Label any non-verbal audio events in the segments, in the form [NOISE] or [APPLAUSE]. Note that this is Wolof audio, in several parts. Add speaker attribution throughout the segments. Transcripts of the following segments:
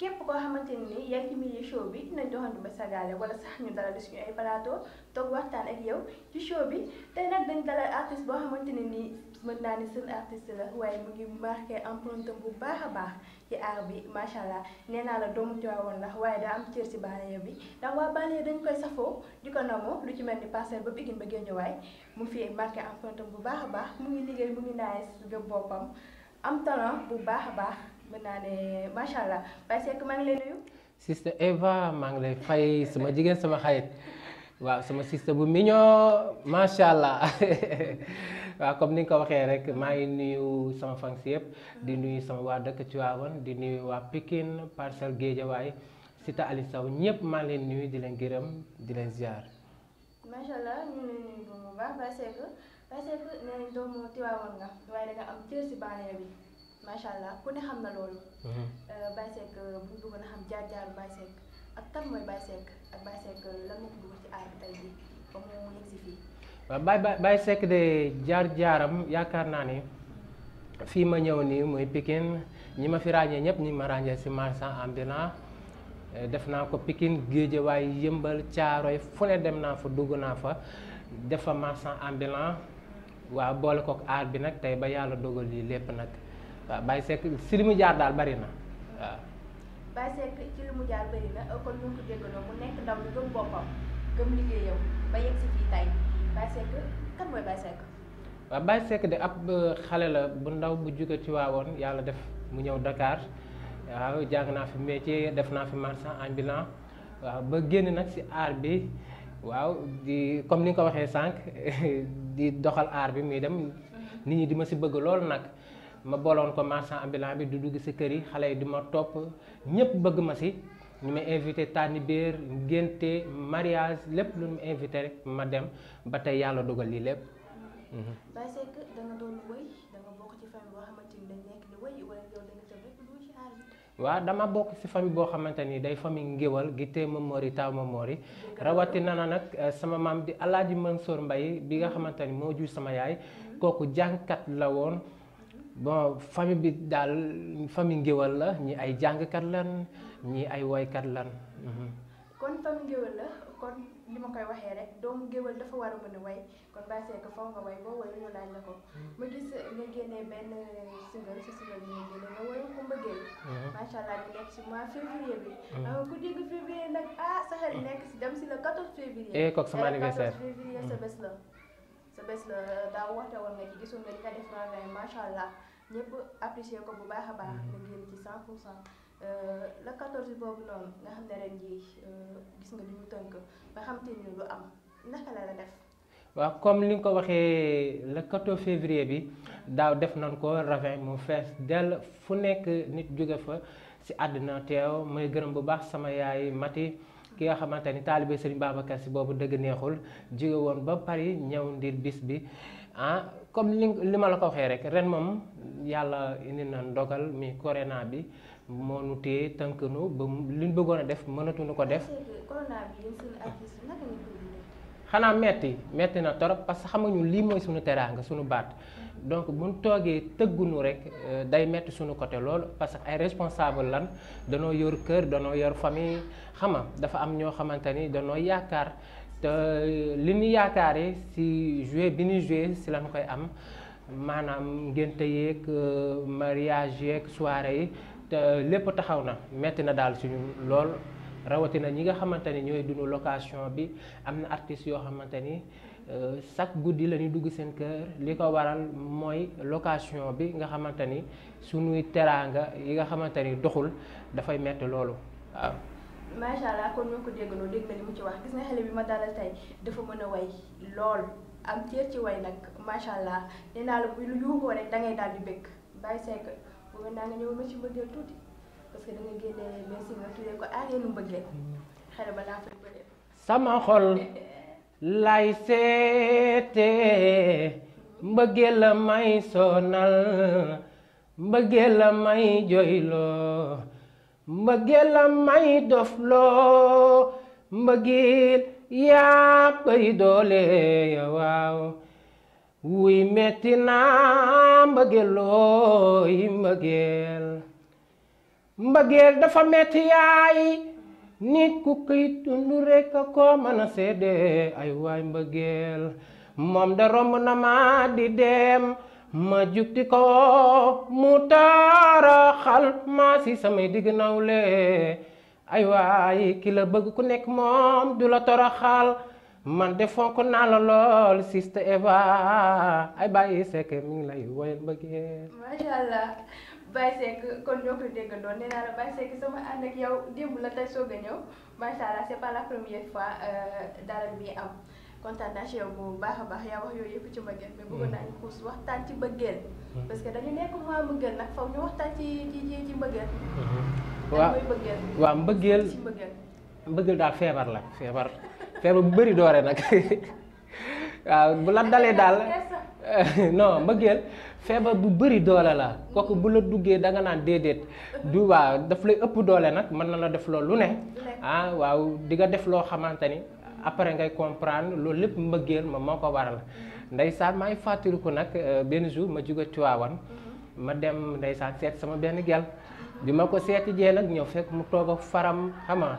Speaker 1: képp koo xamante ni yaa ngi ci show bi dinañ doxantu ba sagaale wala sax ñu dalal di suñu ay plateau toog waxtaan ak yow ci show bi te nag dañ dalal artiste boo xamante ne nii mën naa ni seen artiste la waaye mu ngi marqué empreinte bu baax a baax ci art bi macha allah nee naa la doomu Tiwaawoon ndax waaye daa am cër ci banlieue bi ndax waa banlieue dañ koy safoo di ko namoo lu ci mel ni Parcelles ba Pikine ba Guédiawaye mu fi marqué empreinte bu baax a baax mu ngi liggéey mu ngi naaj gëm boppam am talent bu baax a baax. mën naa ne macha allah lay nuyu.
Speaker 2: sister Eva mang lay fay sama jigen sama xarit wa sama sister bu mignon macha allah [LAUGHS] waaw comme ni nga ko waxee rek ma ngi nuyu sama fans yëpp di nuyu sama waa dëkk Tivaouane di nuyu wa Pikine parcel Guédiawaye Cité Aliou Sow ñëpp maa ngi leen nuyu di leen gërëm di leen ziar.
Speaker 1: macha allah ñu nuyu bu baax ba sék ba sék nee nañ doomu Tivaouane nga way da nga am ciir ci banlieue bi. macha allah ku ne xam na loolu. Mhm. Euh, Baye Seck euh, bu ñu bëggoon xam jaar jaaru Baye Seck ak kan mooy Baye Seck ak Baye Seck
Speaker 2: euh, lan moo ko dugal ci aar bi tey ba jaaram yaakaar naa ni fii ma ñëw nii muy Pikine ñi ma fi ràññee ñëpp ñi ma ràññee si marchand def naa ko Pikine Géejawaay Yëmbal Caaroy fu ne dem naa fa dugg naa fa def fa marchand ambulant boole kook aar nag tey ba yàlla dogal lii lépp nag. waaw Baye Seck si li mu jaar daal bari na waaw.
Speaker 1: Baye Seck ci li mu jaar bari na kon ñu ngi ko déggandoo mu nekk ndaw lu gëm boppam gëm liggéeyam ba yegg si fii tey Baye Seck kan mooy Baye Seck.
Speaker 2: waaw Baye Seck de ab euh, xale la bu ndaw bu jóge ci waawoon yàlla def mu ñëw Dakar waaw jàng naa fi métier def naa fi marchand ambulant waaw ba génn nag si aar bi waaw di comme ni nga ko waxee sànq [LAUGHS] di doxal aar bi muy dem mm-hmm. nit ñi di ma si bëgg loolu nag. ma booloon ko marchand ambulant bi du dugg ci kër yi xale yi di topp ñépp bëgg ma si ñu ma invité tànni biir ngénte mariage lépp lu ma invité rek ma dem ba tey yàlla dogal lii lépp. Mhm. Baye dama bokk ci famille boo xamante ni day famille ngéwal gi tee Momori taw Momori rawatina na nag euh, sama maam di Alaaji Mansour Mbaye bi nga xamante ni moo jur sama yaay mhm. kooku jàngkat la woon. bon famille bi daal famille ngéwal la ñii ay jàngkat lan ñi ay woykat lan. Mhm.
Speaker 1: kon famille ngéwal la kon li ma koy waxee rek doomu géwal dafa war a mën a way ko mhm. ma gis mhm. allah di nekk si mois février bi ah, ku dégg février nag ah sa xel nekk si dem si le 14 février eh sama eh, anniversaire 14 sa bés la sa bés la daa woote woon nga ci gisoon nga li nga def macha allah ñëpp apprécié ko bu baax a baax. Mm-hmm. nga génn euh, nga xam ne ren jii euh, gis nga li tënk ba xam te ni lu am naka la la def.
Speaker 2: waaw comme li nga ko waxee le 14 février bi daaw def nañ ko ravin mu fees dell fu nekk nit jóge fa ci àddina teew may gërëm bu baax sama yaay Mati ki nga xamante ni taalibe Serigne Babacar si boobu dëgg neexul jóge woon ba Paris ñëw ndir bis bi ah. comme li li ma la ko waxe rek ren mom yalla indi na ndogal mi corona bi mo nu téye tank nu ba li ñu bëggoon a def mënatuñu ko def. xana metti metti na torop parce que xam nga ñun lii mooy sunu teraanga baat donc buñ toogee tëggunu rek euh, day metti sunu côté lool parce que ay responsable lan danoo yor cœur danoo yor famille xama dafa am ño xamanteni ni danoo te li ñu yaakaare si joué bi ñu joué si lañ koy am maanaam ngénte yeeg euh, mariage yeeg soirée yi te lépp taxaw na metti na daal suñu lool rawatina ñi nga xamante ni ñooy dunu location bi am na artistes yoo xamante ni euh, chaque guddi lañuy dugg seen kër li ko waral mooy location bi nga xamante ni suñuy teraanga yi nga xamante ni doxul dafay metti loolu waaw
Speaker 1: macha allah kon ñoo ko déggandoo dégg na li mu ci wax gis nga xale bi ma dalal tey dafa mën a way lool am cër ci way nag macha allah la bu lu yuuxoo rek da ngay daal di bëgg bàyyi seeg bu mel naa nga ñëw ma ci mbëggeel tuuti parce que da nga génnee benn si nga tuddee ko aareelu ba laa fay bëggee.
Speaker 2: sama xol lay seetee mbëggeel la may sonal mbëggeel la may joyloo. mbëggeel la may dof loo mbëggeel yaa bëri doole ya waaw wuy metti naa mbëggeel looy mbëggeel mbëggeel dafa metti yaay nit ku koy dund rekk ko mën a seede ay waay mbëggeel moom da romb na ma di dem ma jug di ko mu taaraxal maa si samay digg nawle ay waay ki la bëgg ku nekk moom du la xal man de fonk naa la lool siste Eva ay Baye Seck mi ngi lay woyal mbëggeel.
Speaker 1: macha allah Baye Seck kon ñoo ko déggandoo nee naa la Baye Seck sama ànd ak yow démb la tey soog a ñëw macha allah c'est pas la première fois euh, dalal bi am. kontaan naa ci bu baax a baax yaa wax yooyu yëpp ci mbëggeel mais bëggoon naa ñu xuus ci bagel parce que dañu nekk mo bagel nak faw ñu waxtaan ci ci ci ci mbëggeel
Speaker 2: wa waaw mbëggeel mbëggeel daal la febar febar bu beuri doore nak wa bu la dalé dal non mbëggeel febar bu beuri doole la koku bu la duggé da nga nan dedet du wa daf lay ëpp doole nak man na la def loolu lu ne ah wa di nga def lo xamanteni ni après ngay comprendre loolu lépp mbëggeel ma moo ko waral ndeysaan maa ngi fàttaliku nag euh, benn jour ma jóge wan ma dem ndeysaan seet sama benn gel bi ma ko seeti jee nag ñëw fekk mu toog ak faram xama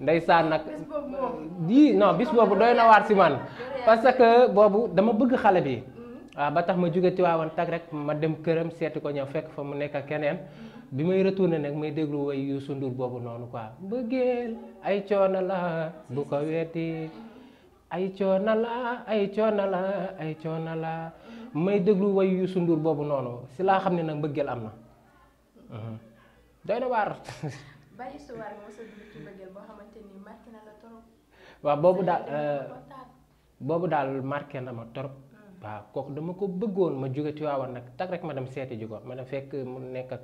Speaker 2: ndeysaan nag di non bis boobu doy na waar si man parce que boobu dama bëgg xale bi waaw mm-hmm. ah, ba tax ma jóge Tiwaawan tag rek ma dem këram seeti ko ñëw fekk fa mu nekk ak keneen bima may retourné nek may deglu way yu sundur bobu nonu quoi beugel ay coono la bu ko weti ay coono la ay coono la ay coono la may deglu way yu sundur bobu nonu si la xam nak beugel amna doyna mhm. war
Speaker 1: doy su war mo histoire moo ci beugel bo xamanteni marke na la
Speaker 2: bobu dal marke na ma torop mm. waaw kok dama ko beggone ma jóge ci nak tak rek ma dem seti ma dem fek mu nek ak.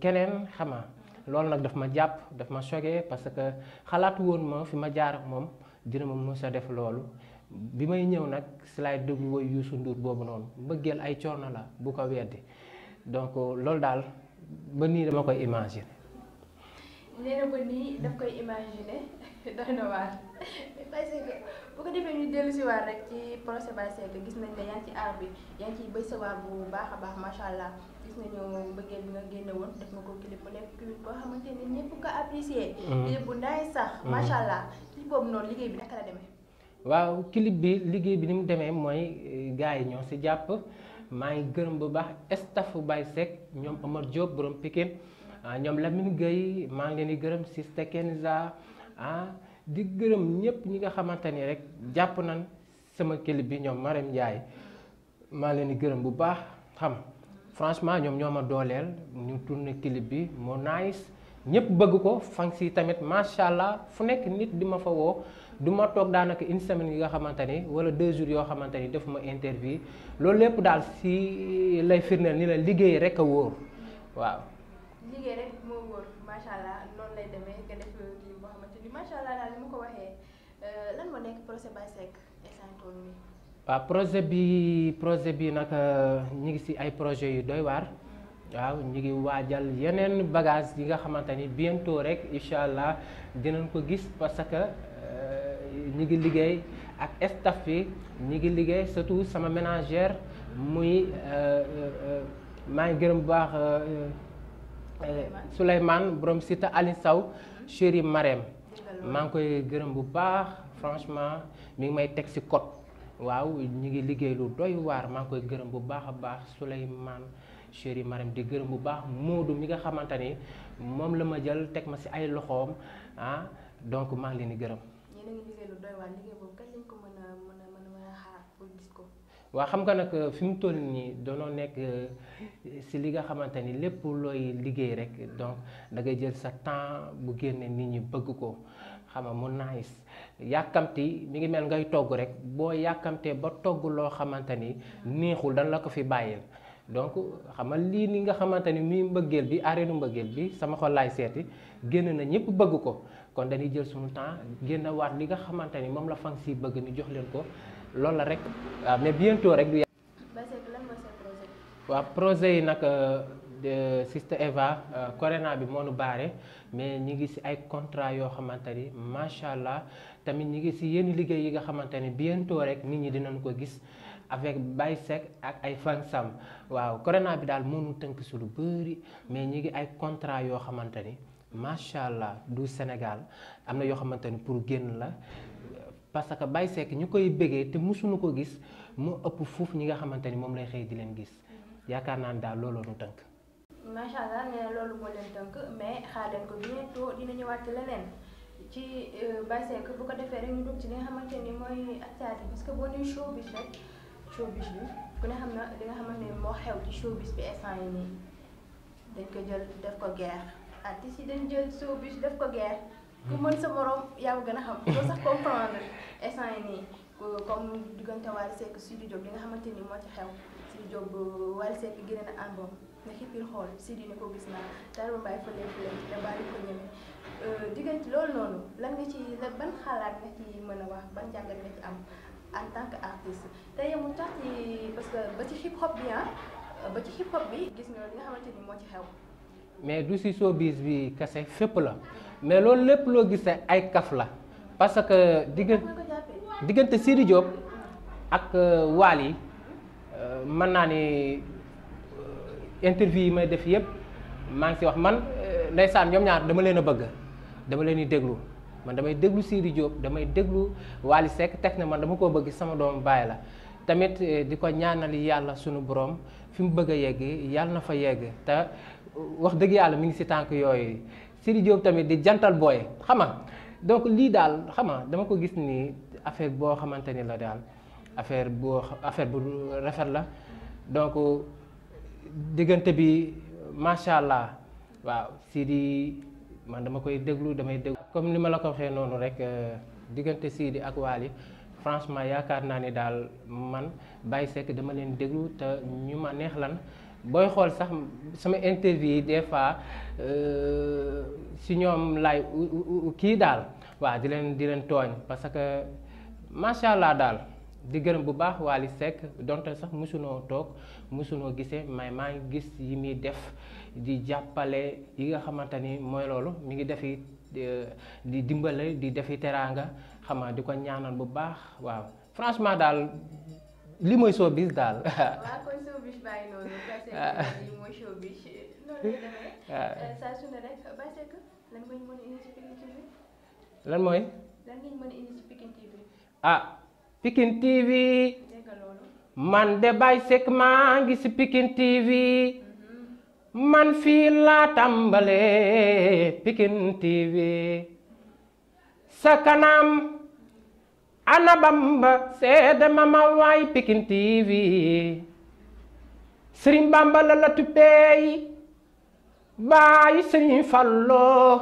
Speaker 2: keneen xama loolu nag daf ma jàpp daf ma choqué parce que xalaatu woon ma fi ma jaar ak moom dina ma mës a def loolu bi may ñëw nag si laay déglu woy Youssou Ndour boobu noonu mbëggeel ay coono la bu ko weddi donc loolu daal ba nii dama koy imaginer
Speaker 1: nee na ko nii daf koy imaginer [LAUGHS] doy na waar bu ko defee ñu dellu waar rek ci procès Baye Seck gis nañ ne yaa ci aar bi yaa ngi ciy sa waar bu baax a baax macha allah gis nañu bëggee bi nga génne woon def ko clip bu nekk clip boo xamante ne ñëpp ko apprécier. Mm. clip bu ndaay sax. Mm. macha allah noonu liggéey bi naka la demee.
Speaker 2: waaw clip bi liggéey bi ni mu demee mooy eh, gars yi ñoo ci jàpp maa ngi gërëm bu baax staff Baye Seck ñoom Omar Diop borom Pikine. Ah, ñoom Lamine Gueye maa ngi leen di gërëm Siste Kenza ah di gërëm ñëpp ñi nga xamante ni rek jàpp na sama clip bi ñoom Marème Ndiaye maa leen di gërëm bu baax xam franchement ñoom ñoo ma dooleel ñu tourné clip bi moo nice ñëpp bëgg ko fan si tamit macha allah fu nekk nit di ma fa woo du ma toog daanaka une semaine yi nga xamante ni wala deux jours yoo xamante ni def ma interview loolu lépp daal si lay firndeel ni la liggéey rek a wóor waaw. liggéey
Speaker 1: rek moo wóor macha allah noonu lay demee nga def kii boo xamante ni macha allah daal ni mu ko waxee euh, lan moo nekk projet Baye Seck instant mi.
Speaker 2: waaw projet bi projet bi nag euh, ñu ngi si ay projet yu doy waar. Mm. waaw ñu ngi waajal yeneen bagage yi nga xamante ni bientôt rek incha allah dinañ ko gis parce que euh, ñu ngi liggéey ak staff bi ñu ngi liggéey surtout sama ménagère muy maa ngi gërëm baax. Euh, Souleymane borom sita Ali Sow chéri Marème maa ngi koy gërëm bu baax franchement mi ngi may teg ci code waaw ñu ngi liggéey lu doy waar maa ngi koy gërëm bu baax a baax Souleymane chéri Marème di gërëm bu baax Moodu mi nga xamante ni moom la ma jël teg ma ci ay loxoom ah donc maa ngi leen di gërëm. waa xam nga nag euh, fi mu toll nii danoo nekk euh, si li nga xamante ni lépp looy liggéey rek donc da ngay jël sa temps bu génnee nit ñi bëgg ko xam nga mu nice yàkkamti mi ngi mel ngay togg rek boo yàkkamtee ba togg loo xamante ni neexul dan la ko fi bàyyil donc xam lii ni nga xamante ni muy mbëggeel bi areenu mbëggeel bi sama xol laay seeti génn na ñëpp bëgg ko kon dañuy jël suñu temps génn waat li nga xamante ni moom la fan si bëgg ni jox leen ko loolu la rek waaw ah, mais bientôt rek du yàgg. waaw projet yi nag euh, Sister Eva euh, corona bi moo nu baare mais ñi ngi ci ay contrat yoo xamante ni macha allah tamit ñi ngi ci yenn liggéey yi nga xamante ni bientôt rek nit ñi dinañ ko gis avec Baye Seck ak ay fan sam waaw corona bi daal moom tënk si lu bëri mais ñi ngi ay contrat yoo xamante ni macha allah du Sénégal am na yoo xamante ni pour génn la. parce que Baye Seck ñu koy bëggee te musuñu ko gis mu ëpp fuuf ñi nga xamante ni moom lay xëy di leen gis mhm. yaakaar naa ne daal looloo ñu tënk.
Speaker 1: macha allah loolu moo leen tënk mais xaar leen ko bientôt dina ñëwaat ci leneen ci euh, Baye bu ko defee rek ñu dugg ci li nga ni mooy activité parce que boo nee showbiz rek showbiz bi ku ne xam na li nga xamante ni moo xew ci showbiz bi instant yi nii dañ ko jël def ko guerre artistes yi dañ jël showbiz def ko guerre. ku mën sa morom yaa gën a xam. doo sax comprendre instant yi nii comme diggante Wally Seck Sidy Diop li nga xamante ni moo ci xew Sidy Diop Wally Seck génne na àndoom nga xool Sidy ni ko gis naa Tarba Mbaye fële fële da bàyyi ko ñeme euh, diggante loolu noonu lan nga ci la ban xalaat nga ci mën a wax ban jàngat nga ci am en tant que artiste te yemul tax ci parce que ba ci hip hop bi ah ba ci hip hop bi gis nga li nga xamante ni moo ci xew.
Speaker 2: mais du si showbiz bi kasse fepp la mais loolu lepp lo gissé ay kaf la parce que digg diggante Sidi Diop ak euh, Wali euh, man naa ni euh, interview may def yépp ma ngi si wax man ndaysan ñom ñaar dama leena bëgg dama leen di déglu man damay déglu Sidi Diop damay déglu Wali Seck tek na man dama ko bëgg sama doom baay la tamit diko ñaanal Yalla suñu borom fi mu bëgg a yegg yàlla na fa yegg ta wax dëgg yàlla mu ngi si tànk yooyu Sidi Diop tamit di jantal booy xam donc lii daal xam dama ko gis nii affaire boo xamante ni la daal affaire boo affaire bu rafet la donc diggante bi macha allah waaw Sidi man dama koy déglu damay déglu. comme ni ma la ko waxee noonu rek euh, diggante Sidi ak Wally franchement yaakaar naa ni daal man Baye Seck dama leen déglu te ñu ma neex lan. booy xool sax sama interview yi des fois euh, si ñoom laay kii daal waa di leen di leen tooñ parce que macha allah daal di gërëm bu baax waa li Seck donte sax mosunoo toog mosunoo gisee may maa ngi gis yi muy def di jàppale yi nga xamante ni mooy loolu mi ngi def di dimbale di defi teraanga xamaa di ko ñaanal bu baax waaw franchement daal. li soo showbiz daal. [LAUGHS] [LAUGHS]
Speaker 1: Ah. mooy showbiz. noonu la demee. [LAUGHS] Ah. Euh, lan nga
Speaker 2: ah Pikine TV. dégg man de Baye Seck maa ngi ci Pikine mhm. man fii laa tàmbalee Pikine TV. sa kanam. ana bamba seede ma ma waay Pikine sëriñ bamba la la tuppeey baayi sëriñ falloo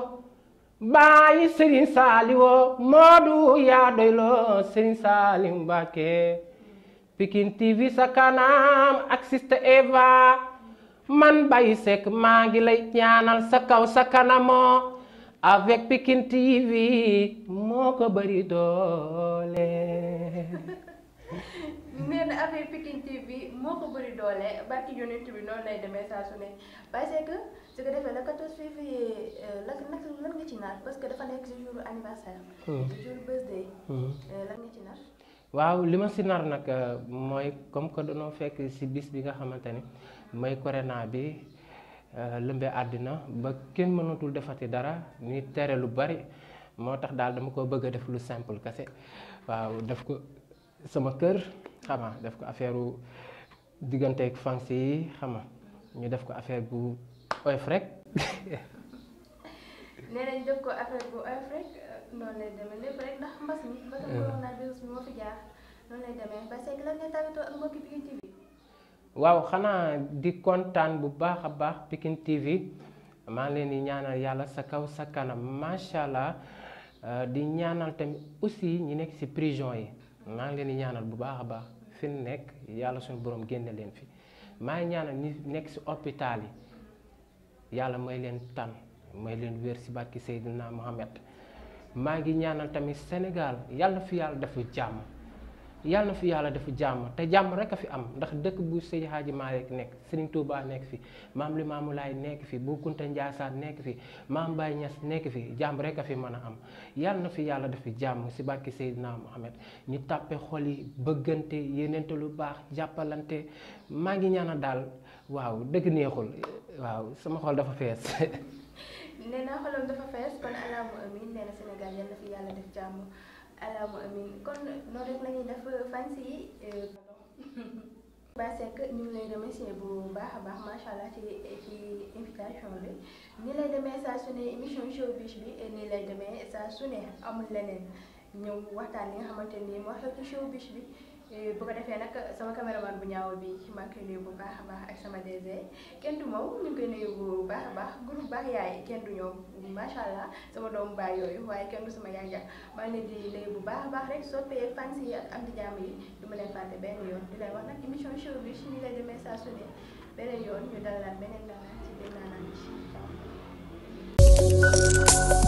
Speaker 2: baayi sëriñ saaliwo moodu yaa doyloo sëriñ saaliw mbàkke Pikine TV sa kanam ak sista Eva man bayi sekk maa ngi lay ñaanal sa kaw sa kanamoo avec Pikine TV moo ko bari doole.
Speaker 1: barki yonent bi noonu lay demee saa su ne parce que su ko defee le 14 février euh, lan lan nga ci nar parce que dafa nekk si jour anniversaire. Hmm. jour birthday. Hmm. Euh, lan nga ci nar.
Speaker 2: waaw li ma si nar nag euh, mooy comme que danoo fekk si bis bi nga xamante ni mooy corona bi. Euh, lëmbee àddina ba kenn mënatul defati dara ñuy tere lu bari moo tax daal dama ko bëgg a def lu simple kese waaw def ko sama kër xama def ko affaire u digganteeg fans yi xama ñu def ko affaire bu oyof rek. [LAUGHS]
Speaker 1: nee nañ def ko affaire bu oyof rek noonu lay demee ndax mbas mi. ba tax euh. coronavirus bi demee ba seeg lan ngay tawatoo ak mbokki bi
Speaker 2: waaw xanaa di kontaan bu baax a baax Pikine TV maa ngi leen ñaanal yàlla sa kaw sa kanam macha allah euh, di ñaanal tamit aussi ñi nekk ci prison yi maa ngi leen di ñaanal bu baax a baax fi mu nekk yàlla suñu borom génne leen fi maa ngi ñaanal ñi nekk ci hôpital yi yàlla may leen tan may leen wér ci barki Seydina Mohamed maa ngi ñaanal tamit Sénégal yàlla fi yàlla dafa jàmm. yàlla na fi yàlla defu jàmm te jàmm rek a fi am ndax dëkk bu Seydi Hadji Malick nekk Serigne Touba nekk fi maam Limaamu Laay nekk fii Bou Kounta Ndiassane nekk fi maam Baye Niass nekk fi jàmm rekk a fi mën a am yàlla na fi yàlla defu jàmm si barke Seydina Mohamed ñu tàppe xol yi bëggante yéeneente lu baax jàppalante maa ngi ñaan a daal waaw dëgg neexul waaw sama xol dafa fees
Speaker 1: [LAUGHS] nee naa xolam dafa fees kon alaamu amin nee na Sénégal yàlla fi yàlla def jàmm alaamu amin kon noonu rek la def fans yi Ba Seck ñu ngi lay remercier bu baax a baax macha allah ci ci invitation bi ni lay demee saa su ne émission showbiz bi nii lay demee saa su ne amul leneen ñëw waxtaan li nga xamante ni moo xew ci showbiz bi Eh, bu ko defee nag sama man bu ñaaw bi maa ngi bu baax a baax ak sama DG kenn du moom ñu ngi koy bu baax a baax groupe baax yaay kenn du ñoom macha allah sama doomu baay yooyu waaye kenn du sama yaay ja maa ngi di nuyu bu baax a baax rek soppeek fans yi am di jàmm yi du leen fàtte benn yoon di leen wax nag émission show bi si ni lay demee saa su beneen yoon ñu dalal beneen dara ci biir naanaan bi.